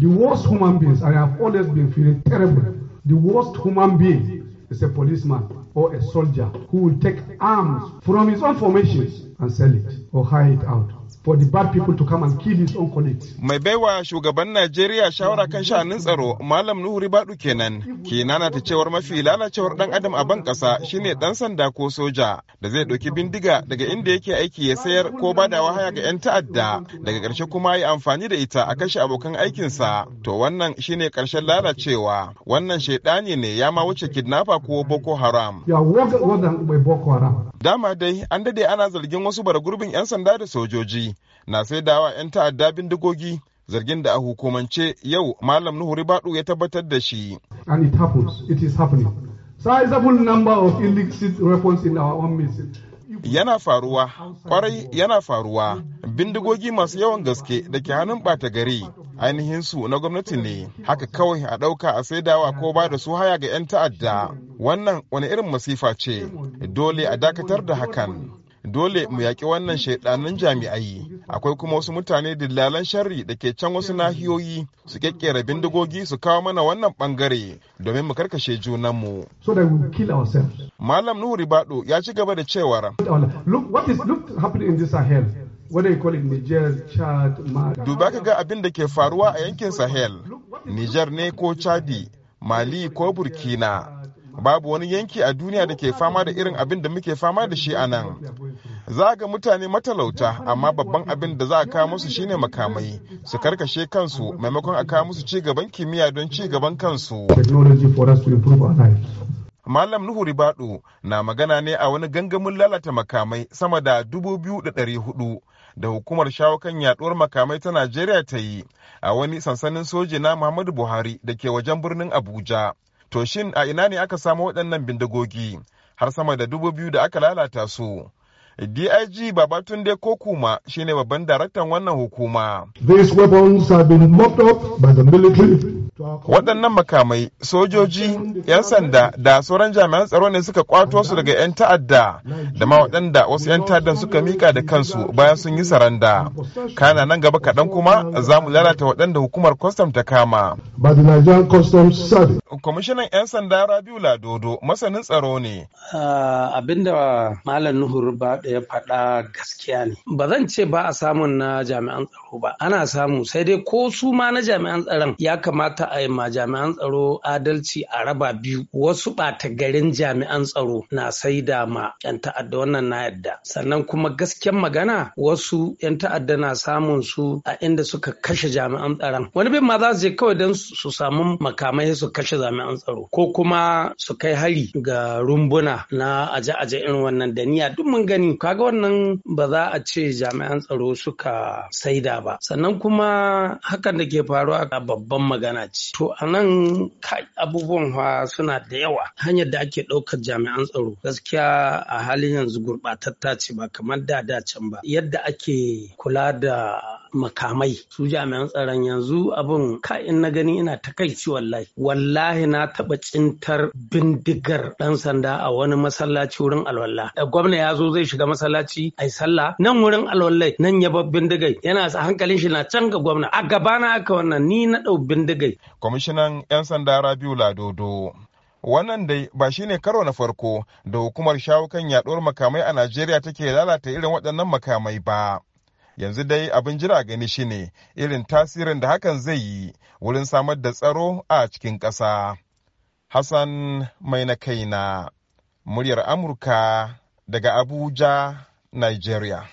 The worst human beings, I have always been feeling terrible. The worst human being is a policeman or a soldier who will take arms from his own formations and sell it or hire it out. for the bad people to come and kill his own colleagues. Mai baiwa shugaban Najeriya shawara kan sha'anin tsaro Malam Nuhu Ribadu kenan ke ta cewar mafi lalacewar dan adam a ban kasa shine dan sanda ko soja da zai ɗauki bindiga daga inda yake aiki ya sayar ko bada wahaya ga 'yan ta'adda daga karshe kuma ya amfani da ita a kashe abokan aikin sa to wannan shine karshen lalacewa wannan shaidani ne ya ma wuce kidnapper ko Boko Haram. Dama dai an dade ana zargin wasu bara gurbin 'yan sanda da sojoji sojoji na sai dawa 'yan ta'adda bindigogi zargin da a hukumance yau malam nuhu ribadu ya tabbatar da shi and yana faruwa kwarai yana faruwa bindigogi masu yawan gaske da ke hannun bata gari ainihin su na gwamnati ne haka kawai a ɗauka a saidawa ko ba da su haya ga 'yan ta'adda wannan wani irin masifa ce dole a dakatar da hakan dole mu yaƙi wannan shaidanin jami'ai akwai kuma wasu mutane dillalan sharri da ke can wasu nahiyoyi su kekkera bindigogi su kawo mana wannan bangare domin mu karkashe junanmu malam nuhu ribado ya ci gaba da cewar duba ka ga abin da ke faruwa a yankin sahel niger ne ko chadi mali ko burkina babu wani yanki a duniya da ke fama da irin abin da muke fama da shi a nan za ga mutane matalauta amma babban abin da za a kawo musu shine makamai su karkashe kansu maimakon a kawo musu cigaban kimiyya don ci gaban kansu Malam Nuhu Ribadu na magana ne a wani gangamin lalata makamai sama da 2,400 da hukumar shawo kan yaduwar makamai ta Najeriya ta yi a wani sansanin soji na Muhammadu Buhari da ke wajen birnin Abuja. To shin a ina ne aka samu waɗannan bindigogi har sama da dubu biyu da aka lalata su? DIG Babatunde kuma shine babban daraktan wannan hukuma. These weapons have been mopped up by the military waɗannan makamai sojoji 'yan sanda da sauran jami'an tsaro ne suka kwato su daga 'yan ta'adda da ma waɗanda wasu 'yan ta'addan suka mika da kansu bayan sun yi saranda kana nan gaba kaɗan kuma za mu lalata waɗanda hukumar kwastam ta kama kwamishinan 'yan sanda rabiu ladodo masanin tsaro ne ah, abinda malam nuhu ba ya faɗa gaskiya ne ba zan ce ba a samun na jami'an tsaro ba ana samu sai dai ko su ma na jami'an tsaron ya kamata a ma jami'an tsaro adalci a raba biyu wasu ɓata garin jami'an tsaro na saida ma 'yan ta'adda wannan na yadda sannan kuma gasken magana wasu 'yan ta'adda na samun su a inda suka kashe jami'an tsaron wani bin ma za su je kawai don su samu makamai su kashe jami'an tsaro ko kuma su kai hari ga rumbuna na aje-aje irin wannan da niyya duk mun gani kaga wannan ba za a ce jami'an tsaro suka saida ba sannan kuma hakan da ke faruwa a babban magana ce To a nan abubuwan fa suna da yawa. Hanyar da ake ɗaukar jami'an tsaro gaskiya a halin yanzu gurɓatatta ce ba kamar da da can ba. Yadda ake kula da makamai su jami'an tsaron yanzu abin ka na gani ina takaici wallahi wallahi na taba cintar bindigar dan sanda a wani masallaci wurin alwala gwamna ya zo zai shiga masallaci ai sallah nan wurin alwallai nan ya bar bindigai yana sa hankalin shi na can ga gwamna a gabana aka wannan ni na dau bindigai kwamishinan yan sanda Rabiu Ladodo wannan dai ba shine karo na farko da hukumar shawukan yaɗuwar makamai a Najeriya take lalata irin waɗannan makamai ba yanzu dai abin jira gani shine irin tasirin da hakan zai yi wurin samar da tsaro a cikin ƙasa. Hassan mai na kaina muryar Amurka daga Abuja, Nigeria.